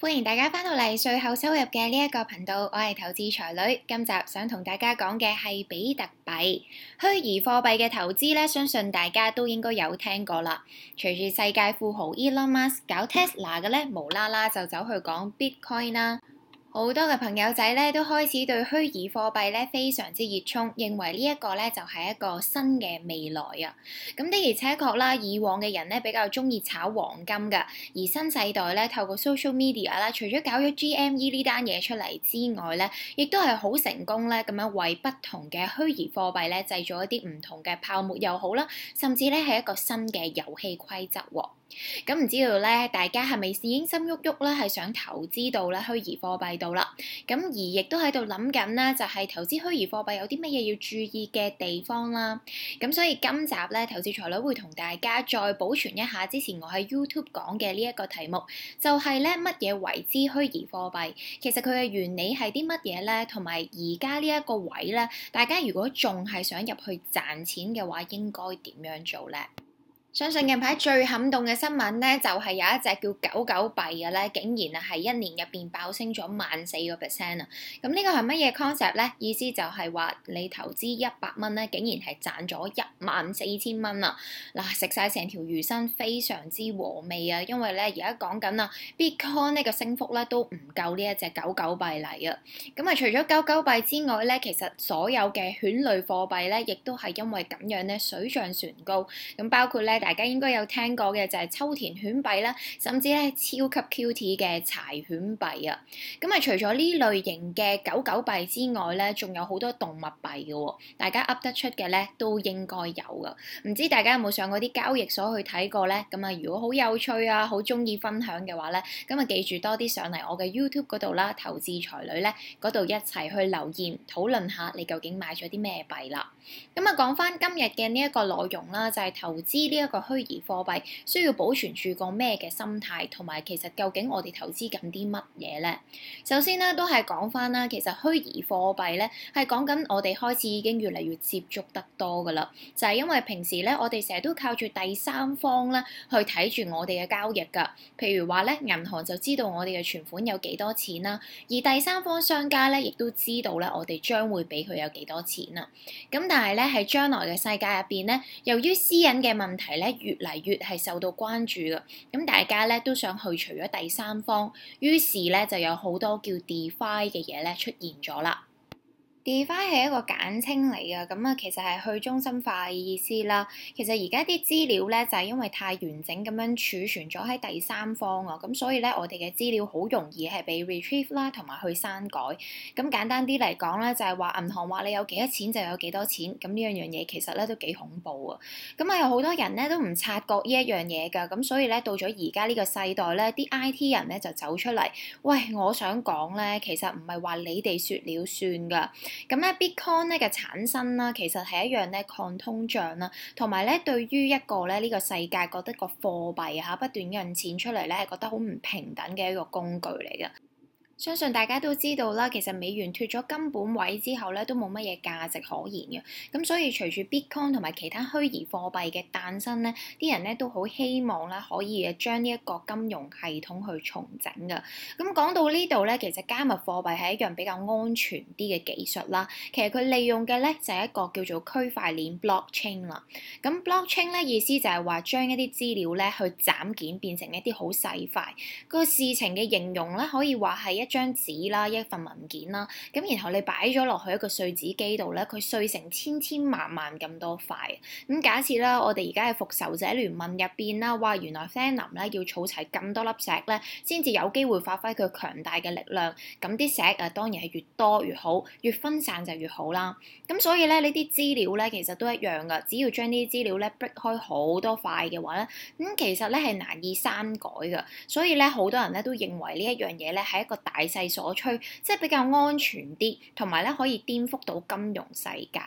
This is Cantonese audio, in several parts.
歡迎大家翻到嚟睡後收入嘅呢一個頻道，我係投資財女。今集想同大家講嘅係比特幣虛擬貨幣嘅投資咧，相信大家都應該有聽過啦。隨住世界富豪 Elon Musk 搞 Tesla 嘅咧，無啦啦就走去講 Bitcoin 啦。好多嘅朋友仔咧都開始對虛擬貨幣咧非常之熱衷，認為呢一個咧就係一個新嘅未來啊！咁的而且確啦，以往嘅人咧比較中意炒黃金㗎，而新世代咧透過 social media 啦，除咗搞咗 GME 呢單嘢出嚟之外咧，亦都係好成功咧咁樣為不同嘅虛擬貨幣咧製造一啲唔同嘅泡沫又好啦，甚至咧係一個新嘅遊戲規則喎。咁唔知道咧，大家係咪已經心喐喐咧，係想投資到咧虛擬貨幣度啦？咁而亦都喺度諗緊咧，就係投資虛擬貨幣有啲乜嘢要注意嘅地方啦。咁所以今集咧，投資財女會同大家再保存一下之前我喺 YouTube 講嘅呢一個題目，就係咧乜嘢為之虛擬貨幣？其實佢嘅原理係啲乜嘢咧？同埋而家呢一個位咧，大家如果仲係想入去賺錢嘅話，應該點樣做咧？相信近排最撼動嘅新聞呢，就係、是、有一隻叫狗狗幣嘅、啊、呢，竟然啊係一年入邊爆升咗萬四個 percent 啊！咁、嗯、呢、這個係乜嘢 concept 呢？意思就係話你投資一百蚊呢，竟然係賺咗一萬四千蚊啊！嗱、啊，食晒成條魚身，非常之和味啊！因為呢，而家講緊啊，Bitcoin 呢個升幅呢，都唔夠呢一隻狗狗幣嚟啊！咁、嗯、啊，除咗狗狗幣之外呢，其實所有嘅犬類貨幣呢，亦都係因為咁樣呢，水漲船高，咁包括咧。大家應該有聽過嘅就係、是、秋田犬幣啦，甚至咧超級 cute 嘅柴犬幣啊！咁啊，除咗呢類型嘅狗狗幣之外咧，仲有好多動物幣嘅喎。大家噏得出嘅咧都應該有噶。唔知大家有冇上嗰啲交易所去睇過咧？咁啊，如果好有趣啊，好中意分享嘅話咧，咁啊，記住多啲上嚟我嘅 YouTube 嗰度啦，投資財女咧嗰度一齊去留言討論下你究竟買咗啲咩幣啦。咁啊，講翻今日嘅呢一個內容啦，就係、是、投資呢一，一個虛擬貨幣需要保存住個咩嘅心態，同埋其實究竟我哋投資緊啲乜嘢呢？首先咧都係講翻啦，其實虛擬貨幣咧係講緊我哋開始已經越嚟越接觸得多噶啦，就係因為平時咧我哋成日都靠住第三方咧去睇住我哋嘅交易噶，譬如話咧銀行就知道我哋嘅存款有幾多錢啦，而第三方商家咧亦都知道咧我哋將會俾佢有幾多錢啦。咁但係咧喺將來嘅世界入邊咧，由於私隱嘅問題。越嚟越係受到關注㗎，咁大家咧都想去除咗第三方，於是呢就有好多叫 DeFi 嘅嘢咧出現咗啦。備翻係一個簡稱嚟㗎，咁啊，其實係去中心化嘅意思啦。其實而家啲資料咧就係因為太完整咁樣儲存咗喺第三方啊，咁所以咧我哋嘅資料好容易係被 retrieve 啦，同埋去刪改。咁簡單啲嚟講咧，就係話銀行話你有幾多錢就有幾多錢，咁呢樣樣嘢其實咧都幾恐怖啊。咁啊，有好多人咧都唔察覺呢一樣嘢㗎，咁所以咧到咗而家呢個世代咧，啲 I T 人咧就走出嚟，喂，我想講咧，其實唔係話你哋説了算㗎。咁咧，Bitcoin 咧嘅產生啦，其實係一樣咧抗通脹啦，同埋咧對於一個咧呢個世界覺得個貨幣嚇不斷印錢出嚟咧，係覺得好唔平等嘅一個工具嚟嘅。相信大家都知道啦，其實美元脫咗金本位之後咧，都冇乜嘢價值可言嘅。咁所以隨住 Bitcoin 同埋其他虛擬貨幣嘅誕生咧，啲人咧都好希望咧可以將呢一個金融系統去重整嘅。咁講到呢度咧，其實加密貨幣係一樣比較安全啲嘅技術啦。其實佢利用嘅咧就係一個叫做區塊鏈 Blockchain 啦。咁 Blockchain 咧意思就係話將一啲資料咧去斬件變成一啲好細塊。個事情嘅應用咧可以話係一張紙啦，一份文件啦，咁然後你擺咗落去一個碎紙機度咧，佢碎成千千萬萬咁多塊。咁假設啦，我哋而家嘅復仇者聯盟入邊啦，話原來 Fandom 咧要儲齊咁多粒石咧，先至有機會發揮佢強大嘅力量。咁啲石啊，當然係越多越好，越分散就越好啦。咁所以咧，呢啲資料咧，其實都一樣噶，只要將呢啲資料咧 break 開好多塊嘅話咧，咁其實咧係難以刪改噶。所以咧，好多人咧都認為呢一樣嘢咧係一個大，大勢所趨，即係比較安全啲，同埋呢可以顛覆到金融世界。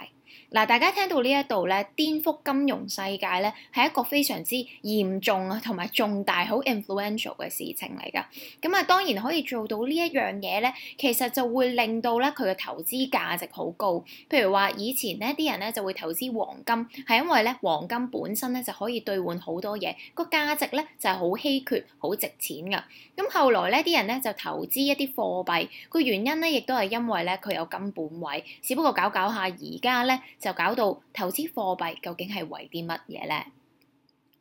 嗱，大家聽到呢一度咧，顛覆金融世界咧，係一個非常之嚴重啊，同埋重大好 influential 嘅事情嚟噶。咁啊，當然可以做到呢一樣嘢咧，其實就會令到咧佢嘅投資價值好高。譬如話，以前呢啲人咧就會投資黃金，係因為咧黃金本身咧就可以兌換好多嘢，個價值咧就係好稀缺、好值錢噶。咁後來咧啲人咧就投資一啲貨幣，個原因咧亦都係因為咧佢有金本位，只不過搞搞下而家咧。就搞到投資貨幣究竟係為啲乜嘢咧？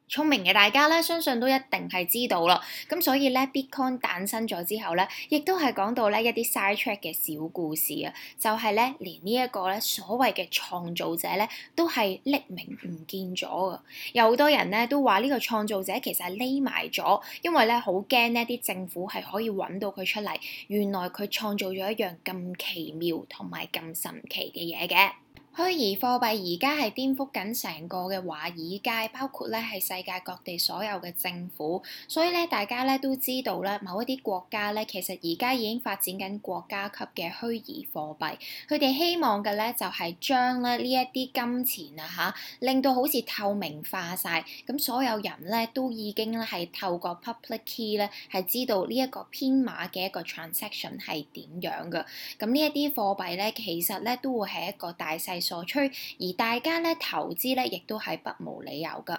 聰明嘅大家咧，相信都一定係知道啦。咁所以咧，Bitcoin 誕生咗之後咧，亦都係講到咧一啲 side track 嘅小故事啊。就係咧，連呢一個咧所謂嘅創造者咧，都係匿名唔見咗噶。有好多人咧都話呢個創造者其實匿埋咗，因為咧好驚呢啲政府係可以揾到佢出嚟。原來佢創造咗一樣咁奇妙同埋咁神奇嘅嘢嘅。虛擬貨幣而家係顛覆緊成個嘅華爾街，包括咧係世界各地所有嘅政府，所以咧大家咧都知道咧，某一啲國家咧其實而家已經發展緊國家級嘅虛擬貨幣，佢哋希望嘅咧就係將咧呢一啲金錢啊嚇，令到好似透明化曬，咁所有人咧都已經咧係透過 public key 咧係知道呢一個編碼嘅一個 transaction 係點樣嘅，咁呢一啲貨幣咧其實咧都會係一個大細。所吹而大家咧投資咧，亦都係不無理由㗎。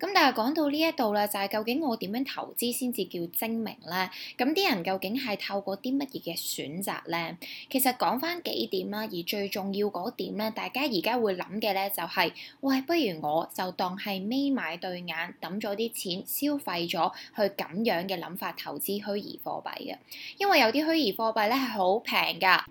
咁但係講到呢一度咧，就係、是、究竟我點樣投資先至叫精明咧？咁啲人究竟係透過啲乜嘢嘅選擇咧？其實講返幾點啦，而最重要嗰點咧，大家而家會諗嘅咧就係、是、喂，不如我就當係眯埋對眼揼咗啲錢消費咗去咁樣嘅諗法投資虛擬貨幣嘅，因為有啲虛擬貨幣咧係好平㗎。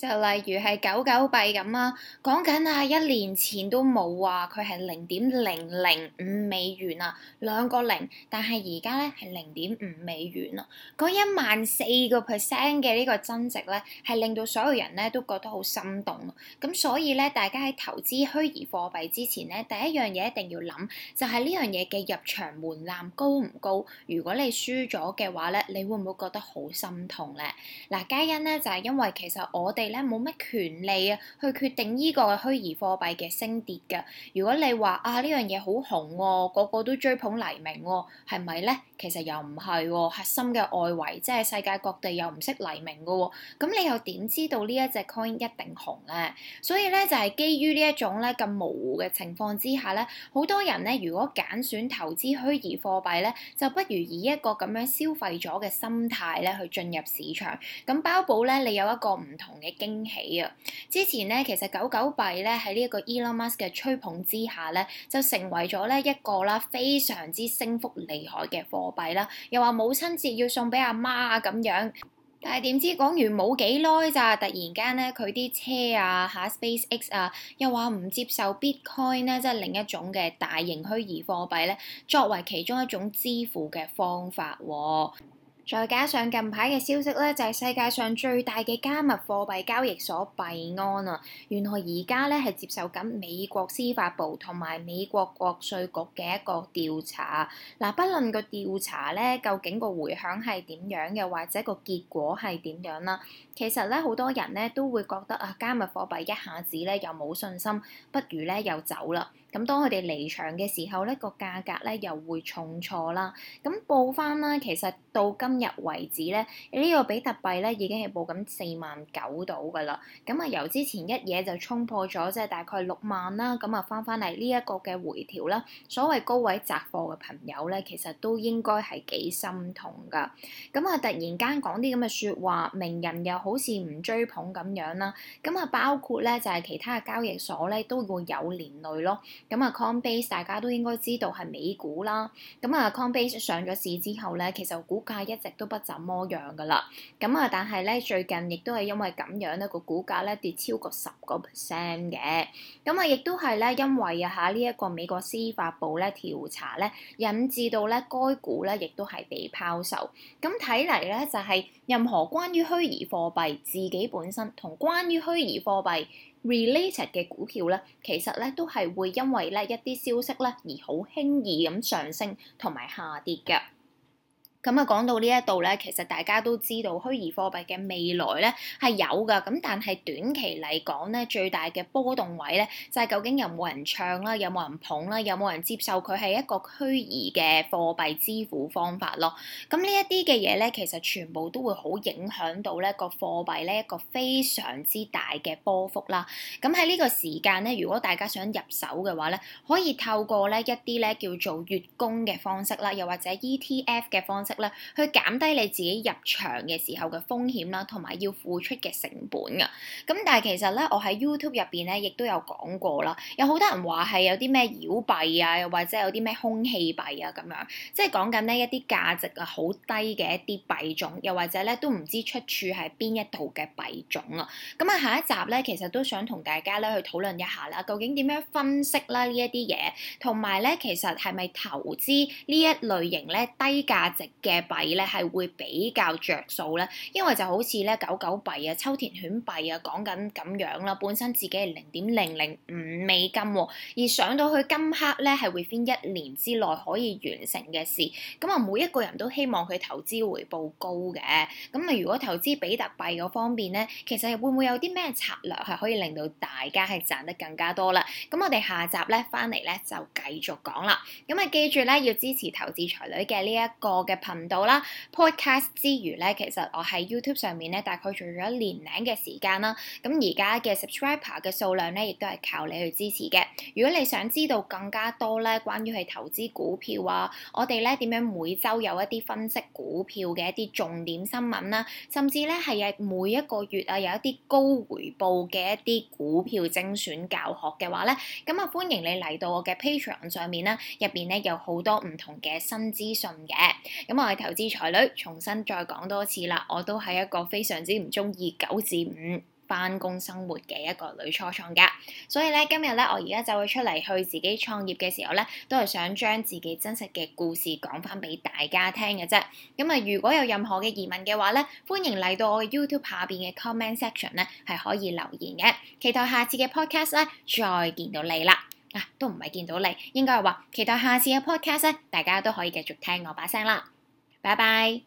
就例如係狗狗幣咁啊，講緊啊一年前都冇啊，佢係零點零零五美元啊，兩個零，但係而家咧係零點五美元啊，嗰一萬四個 percent 嘅呢個增值咧，係令到所有人咧都覺得好心動啊。咁所以咧，大家喺投資虛擬貨幣之前咧，第一樣嘢一定要諗，就係呢樣嘢嘅入場門檻高唔高？如果你輸咗嘅話咧，你會唔會覺得好心痛咧？嗱，皆因咧就係因為其實我哋。咧冇乜權利啊，去決定呢個虛擬貨幣嘅升跌㗎。如果你話啊呢樣嘢好紅喎、哦，個個都追捧黎明喎、哦，係咪咧？其實又唔係喎，核心嘅外圍即係世界各地又唔識黎明嘅喎、哦，咁你又點知道呢一隻 coin 一定紅咧？所以咧就係、是、基於呢一種咧咁模糊嘅情況之下咧，好多人咧如果揀選投資虛擬貨幣咧，就不如以一個咁樣消費咗嘅心態咧去進入市場。咁包保咧，你有一個唔同嘅驚喜啊！之前咧，其實狗狗幣咧喺呢一個 Elon Musk 嘅吹捧之下咧，就成為咗咧一個啦非常之升幅厲害嘅貨幣啦。又話母親節要送俾阿媽啊咁樣，但係點知講完冇幾耐咋，突然間咧佢啲車啊，哈 SpaceX 啊，又話唔接受 Bitcoin 咧，即係另一種嘅大型虛擬貨幣咧，作為其中一種支付嘅方法喎。再加上近排嘅消息咧，就係世界上最大嘅加密貨幣交易所幣安啊，原來而家咧係接受緊美國司法部同埋美國國稅局嘅一個調查。嗱，不論個調查咧究竟個回響係點樣又或者個結果係點樣啦，其實咧好多人咧都會覺得啊，加密貨幣一下子咧又冇信心，不如咧又走啦。咁當佢哋離場嘅時候咧，個價格咧又會重挫啦。咁報翻啦，其實到今日為止咧，呢、這個比特幣咧已經係報緊四萬九到㗎啦。咁啊，由之前一嘢就衝破咗，即係大概六萬啦。咁啊，翻翻嚟呢一個嘅回調啦。所謂高位接貨嘅朋友咧，其實都應該係幾心痛㗎。咁啊，突然間講啲咁嘅說話，名人又好似唔追捧咁樣啦。咁啊，包括咧就係其他嘅交易所咧都會有連累咯。咁啊，Coinbase 大家都應該知道係美股啦。咁啊，Coinbase 上咗市之後咧，其實股價一直都不怎麼樣噶啦，咁啊，但係咧，最近亦都係因為咁樣咧，個股價咧跌超過十個 percent 嘅，咁啊，亦都係咧因為啊，嚇呢一個美國司法部咧調查咧，引致到咧該股咧亦都係被拋售。咁睇嚟咧，就係任何關於虛擬貨幣自己本身同關於虛擬貨幣 related 嘅股票咧，其實咧都係會因為咧一啲消息咧而好輕易咁上升同埋下跌嘅。咁啊，講到呢一度咧，其實大家都知道虛擬貨幣嘅未來咧係有噶，咁但係短期嚟講咧，最大嘅波動位咧就係究竟有冇人唱啦，有冇人捧啦，有冇人接受佢係一個虛擬嘅貨幣支付方法咯？咁呢一啲嘅嘢咧，其實全部都會好影響到咧個貨幣咧一個非常之大嘅波幅啦。咁喺呢個時間咧，如果大家想入手嘅話咧，可以透過咧一啲咧叫做月供嘅方式啦，又或者 ETF 嘅方式。咧，去減低你自己入場嘅時候嘅風險啦，同埋要付出嘅成本噶。咁但係其實咧，我喺 YouTube 入邊咧，亦都有講過啦。有好多人話係有啲咩妖幣啊，又或者有啲咩空氣幣啊咁樣，即係講緊呢一啲價值啊好低嘅一啲幣種，又或者咧都唔知出處喺邊一度嘅幣種啊。咁啊，下一集咧，其實都想同大家咧去討論一下啦，究竟點樣分析啦呢一啲嘢，同埋咧其實係咪投資呢一類型咧低價值嘅幣咧係會比較着數咧，因為就好似咧狗狗幣啊、秋田犬幣啊講緊咁樣啦，本身自己係零點零零五美金，而上到去今刻咧係會邊一年之內可以完成嘅事，咁啊每一個人都希望佢投資回報高嘅，咁啊如果投資比特幣嗰方面咧，其實會唔會有啲咩策略係可以令到大家係賺得更加多啦？咁我哋下集咧翻嚟咧就繼續講啦，咁啊記住咧要支持投資財女嘅呢一個嘅。頻道啦，podcast 之餘咧，其實我喺 YouTube 上面咧，大概做咗一年零嘅時間啦。咁而家嘅 subscriber 嘅數量咧，亦都係靠你去支持嘅。如果你想知道更加多咧，關於係投資股票啊，我哋咧點樣每週有一啲分析股票嘅一啲重點新聞啦，甚至咧係每一個月啊，有一啲高回報嘅一啲股票精選教學嘅話咧，咁啊歡迎你嚟到我嘅 Patreon 上面啦，入邊咧有好多唔同嘅新資訊嘅，咁。我係投資財女重新再講多次啦！我都係一個非常之唔中意九至五翻工生活嘅一個女初創家。所以咧今日咧，我而家就會出嚟去自己創業嘅時候咧，都係想將自己真實嘅故事講翻俾大家聽嘅啫。咁啊，如果有任何嘅疑問嘅話咧，歡迎嚟到我嘅 YouTube 下邊嘅 comment section 咧，係可以留言嘅。期待下次嘅 podcast 咧，再見到你啦。啊，都唔係見到你，應該係話期待下次嘅 podcast 咧，大家都可以繼續聽我把聲啦。拜拜。